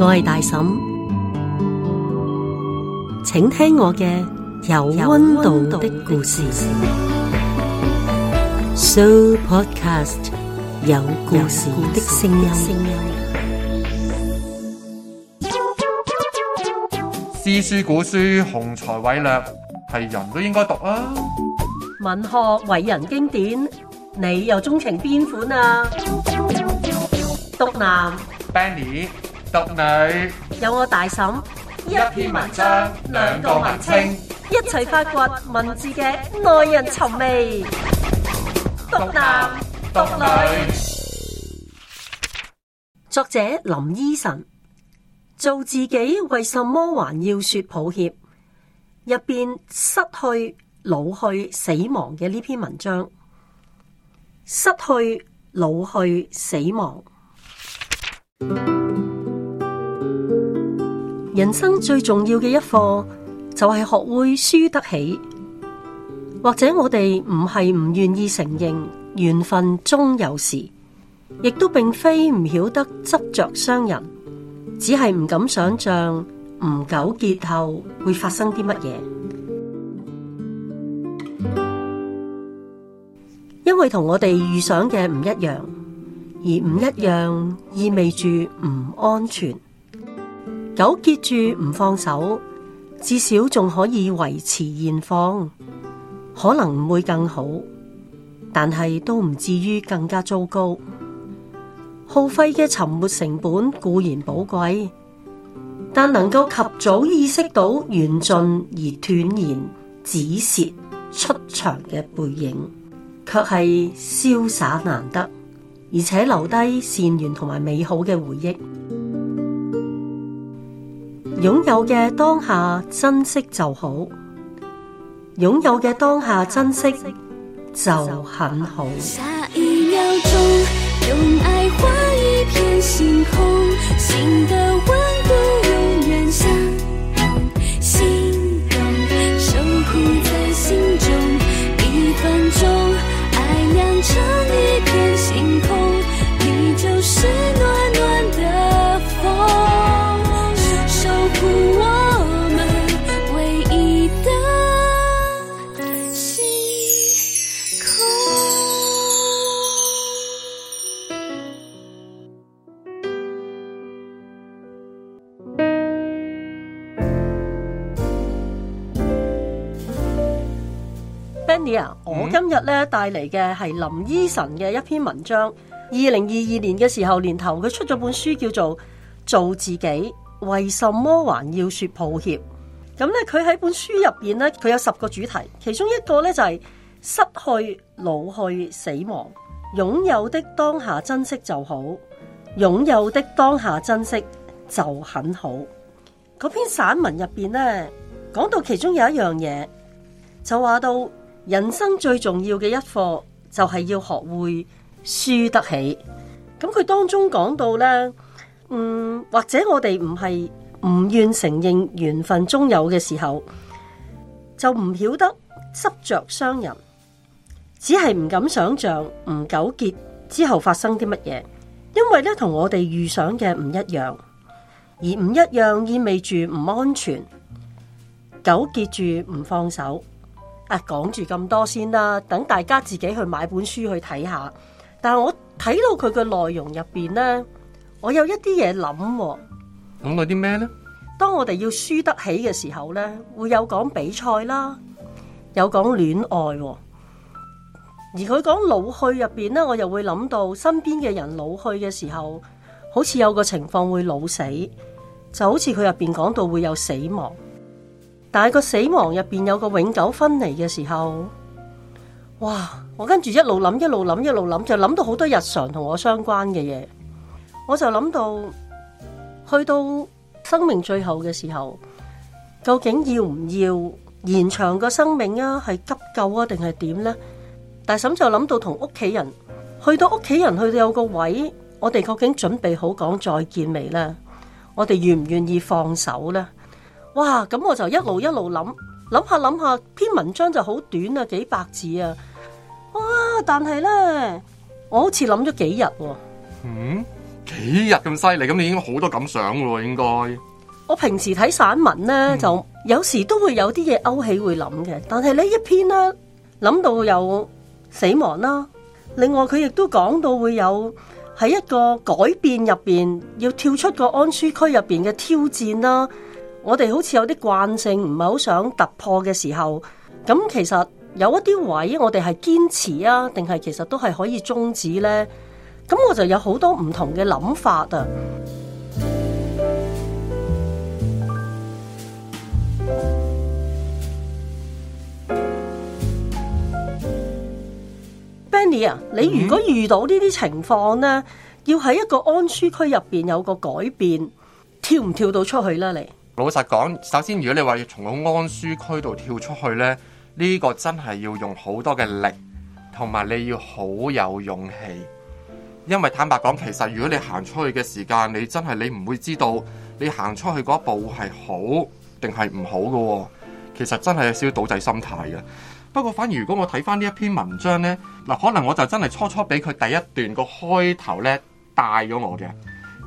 我係大嬸，請聽我嘅有溫度的故事。So podcast 有故事的聲音。詩書古書，雄才偉略係人都應該讀啊！文學偉人經典，你又鍾情邊款啊？讀男，Benny。Benny? 讀女有我大嬸，一篇文章，兩個文稱一齊發掘文字嘅耐人尋味。讀男，讀，讀，男讀女，作者林依晨，做自己，為什麼還要說抱歉？入面失去、老去、死亡嘅呢篇文章，失去、老去、死亡。人生最重要嘅一課就係學會輸得起，或者我哋唔係唔願意承認緣分終有時，亦都並非唔曉得執着傷人，只係唔敢想象唔糾結後會發生啲乜嘢，因為同我哋預想嘅唔一樣，而唔一樣意味住唔安全。糾結住唔放手，至少仲可以維持現況，可能唔會更好，但係都唔至於更加糟糕。耗費嘅沉沒成本固然寶貴，但能夠及早意識到緣盡而斷然止蝕出場嘅背影，卻係瀟灑難得，而且留低善緣同埋美好嘅回憶。擁有嘅當下珍惜就好，擁有嘅當下珍惜就很好。Yeah, 嗯、我今日咧帶嚟嘅係林依晨嘅一篇文章。二零二二年嘅時候年頭，佢出咗本書，叫做《做自己》，為什麼還要說抱歉？咁咧，佢喺本書入邊咧，佢有十個主題，其中一個咧就係、是、失去、老去、死亡，擁有的當下珍惜就好，擁有的當下珍惜就很好。嗰篇散文入邊咧，講到其中有一樣嘢，就話到。人生最重要嘅一課就係要學會輸得起。咁佢當中講到呢，嗯，或者我哋唔係唔願承認緣分中有嘅時候，就唔曉得執着傷人，只係唔敢想象唔糾結之後發生啲乜嘢，因為呢同我哋預想嘅唔一樣，而唔一樣意味住唔安全，糾結住唔放手。啊，講住咁多先啦，等大家自己去買本書去睇下。但係我睇到佢嘅內容入邊呢，我有一啲嘢諗。諗到啲咩呢？當我哋要輸得起嘅時候呢，會有講比賽啦，有講戀愛喎。而佢講老去入邊呢，我又會諗到身邊嘅人老去嘅時候，好似有個情況會老死，就好似佢入邊講到會有死亡。但係個死亡入邊有個永久分離嘅時候，哇！我跟住一路諗，一路諗，一路諗，就諗到好多日常同我相關嘅嘢。我就諗到，去到生命最後嘅時候，究竟要唔要延長個生命啊？係急救啊，定係點呢？大嬸就諗到同屋企人，去到屋企人去到有個位，我哋究竟準備好講再見未呢？我哋願唔願意放手呢？哇！咁我就一路一路諗諗下諗下，篇文章就好短啊，幾百字啊。哇！但係呢，我好似諗咗幾日、啊。嗯，幾日咁犀利？咁你應該好多感想嘅應該。我平時睇散文呢、嗯，就有時都會有啲嘢勾起會諗嘅。但係呢一篇呢，諗到有死亡啦。另外佢亦都講到會有喺一個改變入邊要跳出個安舒區入邊嘅挑戰啦。我哋好似有啲慣性，唔係好想突破嘅時候，咁其實有一啲位，我哋係堅持啊，定係其實都係可以終止呢？咁我就有好多唔同嘅諗法啊、嗯、Benny 啊，你如果遇到呢啲情況呢、嗯，要喺一個安舒區入邊有個改變，跳唔跳到出去咧？你？老實講，首先如果你話要從個安舒區度跳出去呢，呢、呢個真係要用好多嘅力，同埋你要好有勇氣。因為坦白講，其實如果你行出去嘅時間，你真係你唔會知道你行出去嗰一步係好定係唔好噶。其實真係有少少倒滯心態嘅。不過反而如果我睇翻呢一篇文章呢，嗱可能我就真係初初俾佢第一段個開頭呢，帶咗我嘅。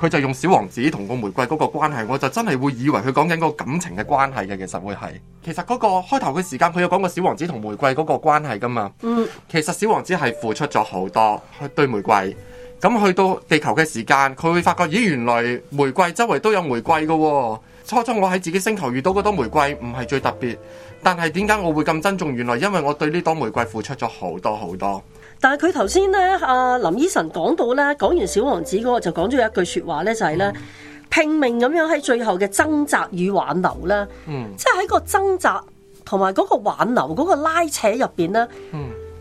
佢就用小王子同個玫瑰嗰個關係，我就真係會以為佢講緊個感情嘅關係嘅，其實會係，其實嗰個開頭嘅時間佢有講過個小王子同玫瑰嗰個關係噶嘛，嗯，其實小王子係付出咗好多去對玫瑰，咁去到地球嘅時間，佢會發覺咦，原來玫瑰周圍都有玫瑰噶喎，初初我喺自己星球遇到嗰朵玫瑰唔係最特別，但係點解我會咁珍重？原來因為我對呢朵玫瑰付出咗好多好多。但係佢頭先咧，阿、啊、林醫生講到咧，講完小王子嗰個就講咗一句說話咧，就係、是、咧、嗯、拼命咁樣喺最後嘅掙扎與挽留咧、嗯，即係喺個掙扎同埋嗰個挽留嗰、那個拉扯入邊咧，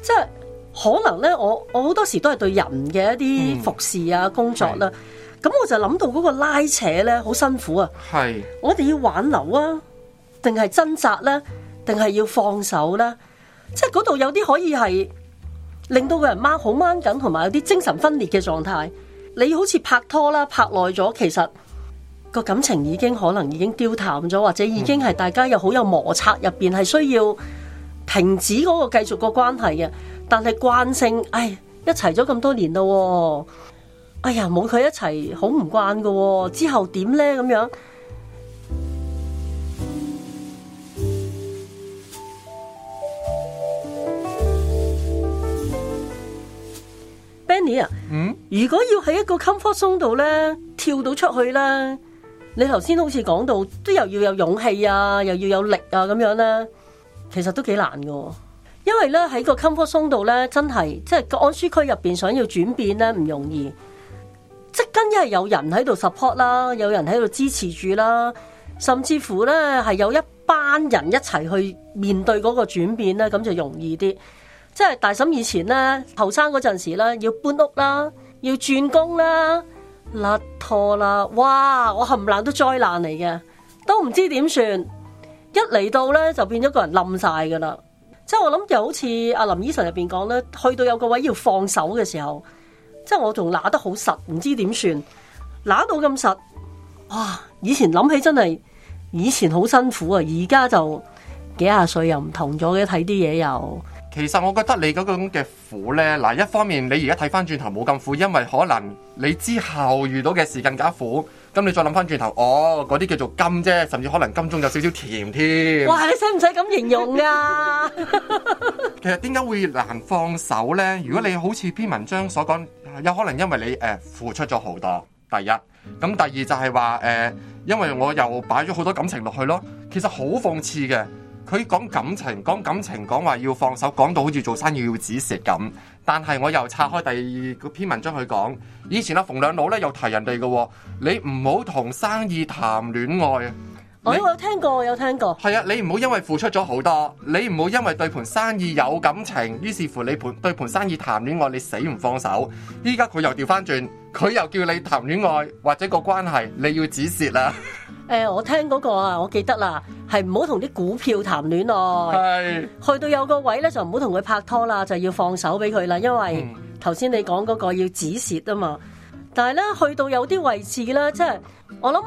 即係可能咧，我我好多時都係對人嘅一啲服侍啊、嗯、工作啦，咁我就諗到嗰個拉扯咧，好辛苦啊，係，我哋要挽留啊，定係掙扎咧，定係要放手咧，即係嗰度有啲可以係。令到個人掹好掹緊，同埋有啲精神分裂嘅狀態。你好似拍拖啦，拍耐咗，其實個感情已經可能已經丟淡咗，或者已經係大家又好有摩擦入邊，係需要停止嗰個繼續個關係嘅。但係慣性，唉，一齊咗咁多年啦，哎呀，冇佢一齊好唔慣噶，之後點呢？咁樣？如果要喺一個 comfort zone 度咧跳到出去咧，你頭先好似講到，都又要有勇氣啊，又要有力啊咁樣咧，其實都幾難噶。因為咧喺個 comfort zone 度咧，真係即係個安舒區入邊想要轉變咧，唔容易。即跟住係有人喺度 support 啦，有人喺度支持住啦，甚至乎咧係有一班人一齊去面對嗰個轉變咧，咁就容易啲。即係大嬸以前咧，後生嗰陣時咧，要搬屋啦。要轉工啦，甩拖啦，哇！我冚唪唥都災難嚟嘅，都唔知點算。一嚟到呢，就變咗個人冧晒㗎喇。即係我諗就好似阿林醫生入邊講呢，去到有個位要放手嘅時候，即係我仲拿得好實，唔知點算，拿到咁實。哇！以前諗起真係以前好辛苦啊，而家就幾廿歲又唔同咗嘅，睇啲嘢又。其實我覺得你嗰種嘅苦呢，嗱，一方面你而家睇翻轉頭冇咁苦，因為可能你之後遇到嘅事更加苦，咁你再諗翻轉頭，哦，嗰啲叫做甘啫，甚至可能甘中有少少甜添。哇！你使唔使咁形容啊？ 其實點解會難放手呢？如果你好似篇文章所講，有可能因為你、呃、付出咗好多，第一，咁第二就係話、呃、因為我又擺咗好多感情落去咯。其實好諷刺嘅。佢講感情，講感情，講話要放手，講到好似做生意要止蝕咁。但係我又拆開第二個篇文章去講，以前馮兩老呢又提人哋㗎喎，你唔好同生意談戀愛。我有聽過，我有聽過。係啊，你唔好因為付出咗好多，你唔好因為對盤生意有感情，於是乎你盤對盤生意談戀愛，你死唔放手。依家佢又調翻轉，佢又叫你談戀愛或者個關係，你要止蝕啦。誒、呃，我聽嗰、那個啊，我記得啦，係唔好同啲股票談戀愛。係。去到有個位咧，就唔好同佢拍拖啦，就要放手俾佢啦，因為頭先你講嗰個要止蝕啊嘛。但係咧，去到有啲位置咧，即、就、係、係、我諗。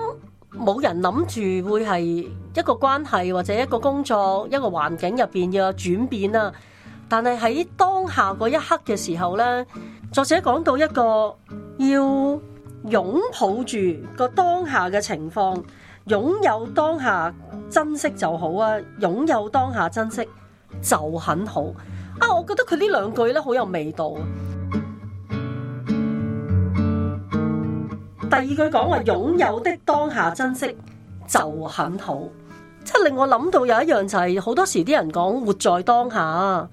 冇人諗住會係一個關係或者一個工作一個環境入邊嘅轉變啦，但係喺當下嗰一刻嘅時候呢，作者講到一個要擁抱住個當下嘅情況，擁有當下珍惜就好啊，擁有當下珍惜就很好啊，我覺得佢呢兩句呢，好有味道。第二句講話擁有的當下珍惜就很好，即係令我諗到有一樣就係、是、好多時啲人講活在當下，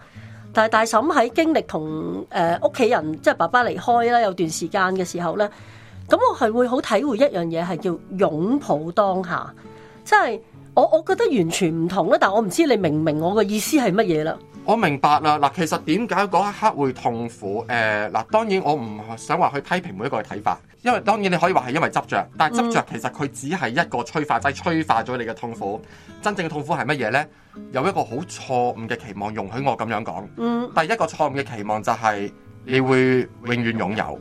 但係大嬸喺經歷同誒屋企人即係爸爸離開啦有段時間嘅時候咧，咁我係會好體會一樣嘢係叫擁抱當下，即係我我覺得完全唔同啦，但我唔知你明唔明我嘅意思係乜嘢啦。我明白啦，嗱，其實點解嗰一刻會痛苦？誒，嗱，當然我唔想話去批評每一個嘅睇法，因為當然你可以話係因為執着。但係執着其實佢只係一個催化劑，催化咗你嘅痛苦。真正嘅痛苦係乜嘢呢？有一個好錯誤嘅期望，容許我咁樣講。嗯。第一個錯誤嘅期望就係你會永遠擁有。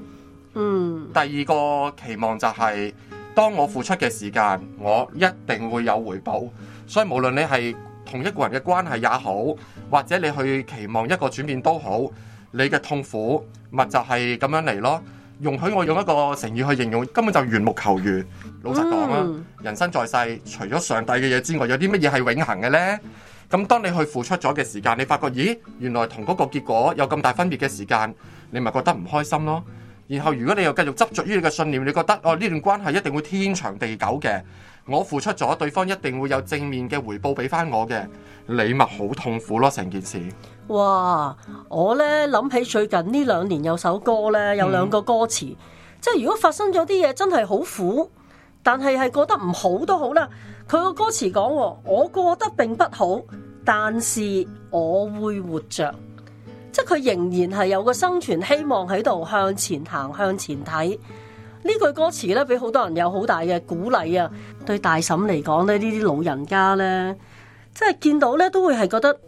嗯。第二個期望就係當我付出嘅時間，我一定會有回報。所以無論你係。同一個人嘅關係也好，或者你去期望一個轉變都好，你嘅痛苦咪就係、是、咁樣嚟咯。容許我用一個成語去形容，根本就緣木求魚。老實講啦、嗯，人生在世，除咗上帝嘅嘢之外，有啲乜嘢係永恆嘅呢？咁當你去付出咗嘅時間，你發覺，咦，原來同嗰個結果有咁大分別嘅時間，你咪覺得唔開心咯。然後如果你又繼續執着於你嘅信念，你覺得，哦，呢段關係一定會天長地久嘅。我付出咗，對方一定會有正面嘅回報俾翻我嘅禮物，好痛苦咯，成件事。哇！我咧諗起最近呢兩年有首歌咧，有兩個歌詞、嗯，即係如果發生咗啲嘢真係好苦，但係係過得唔好都好啦。佢個歌詞講，我過得並不好，但是我會活着，即係佢仍然係有個生存希望喺度向前行，向前睇。呢句歌詞咧，俾好多人有好大嘅鼓勵啊！對大嬸嚟講咧，呢啲老人家呢，即係見到咧，都會係覺得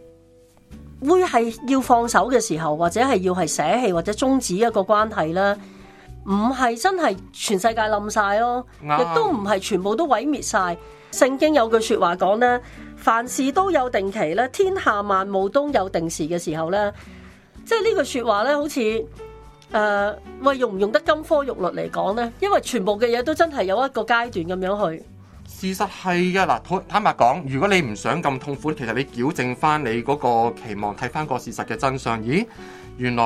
會係要放手嘅時候，或者係要係捨棄或者終止一個關係啦。唔係真係全世界冧晒哦，亦都唔係全部都毀滅晒。聖經有句說話講咧，凡事都有定期咧，天下萬務都有定時嘅時候呢，即係呢句說話呢，好似。誒、呃，喂，用唔用得金科玉律嚟講呢？因為全部嘅嘢都真係有一個階段咁樣去。事實係嘅嗱，坦白講，如果你唔想咁痛苦，其實你矯正翻你嗰個期望，睇翻個事實嘅真相，咦？原來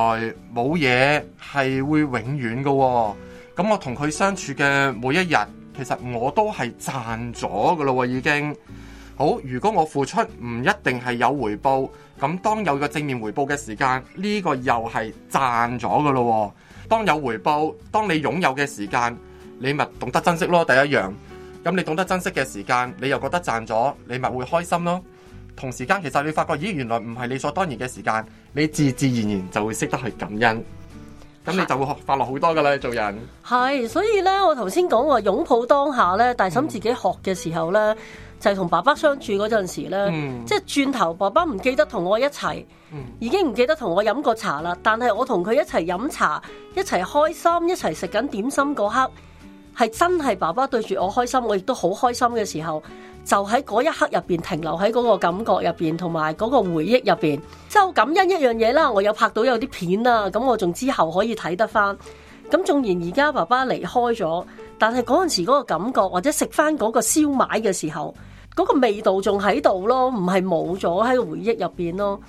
冇嘢係會永遠喎、哦。咁、嗯、我同佢相處嘅每一日，其實我都係賺咗噶咯，已經。好，如果我付出唔一定係有回報。咁當有個正面回報嘅時間，呢、這個又係賺咗噶咯。當有回報，當你擁有嘅時間，你咪懂得珍惜咯。第一樣，咁你懂得珍惜嘅時間，你又覺得賺咗，你咪會開心咯。同時間，其實你發覺，咦，原來唔係理所當然嘅時間，你自自然然就會識得去感恩，咁你就會快樂好多噶啦。做人係，所以呢，我頭先講話擁抱當下呢，大嬸自己學嘅時候呢。嗯就係同爸爸相處嗰陣時咧、嗯，即係轉頭爸爸唔記得同我一齊、嗯，已經唔記得同我飲過茶啦。但係我同佢一齊飲茶，一齊開心，一齊食緊點心嗰刻，係真係爸爸對住我開心，我亦都好開心嘅時候，就喺嗰一刻入邊停留喺嗰個感覺入邊，同埋嗰個回憶入邊，就感恩一樣嘢啦。我有拍到有啲片啦、啊，咁我仲之後可以睇得翻。咁縱然而家爸爸離開咗，但係嗰陣時嗰個感覺，或者食翻嗰個燒賣嘅時候。嗰個味道仲喺度咯，唔係冇咗喺個回憶入邊咯，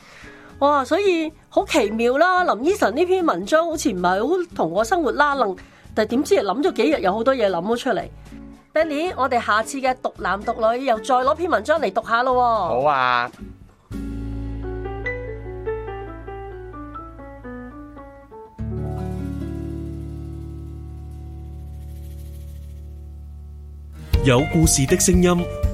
哇！所以好奇妙啦。林依晨呢篇文章好似唔係好同我生活啦，龍，但係點知諗咗幾日，有好多嘢諗咗出嚟。Benny，我哋下次嘅獨男獨女又再攞篇文章嚟讀下咯。好啊。有故事的聲音。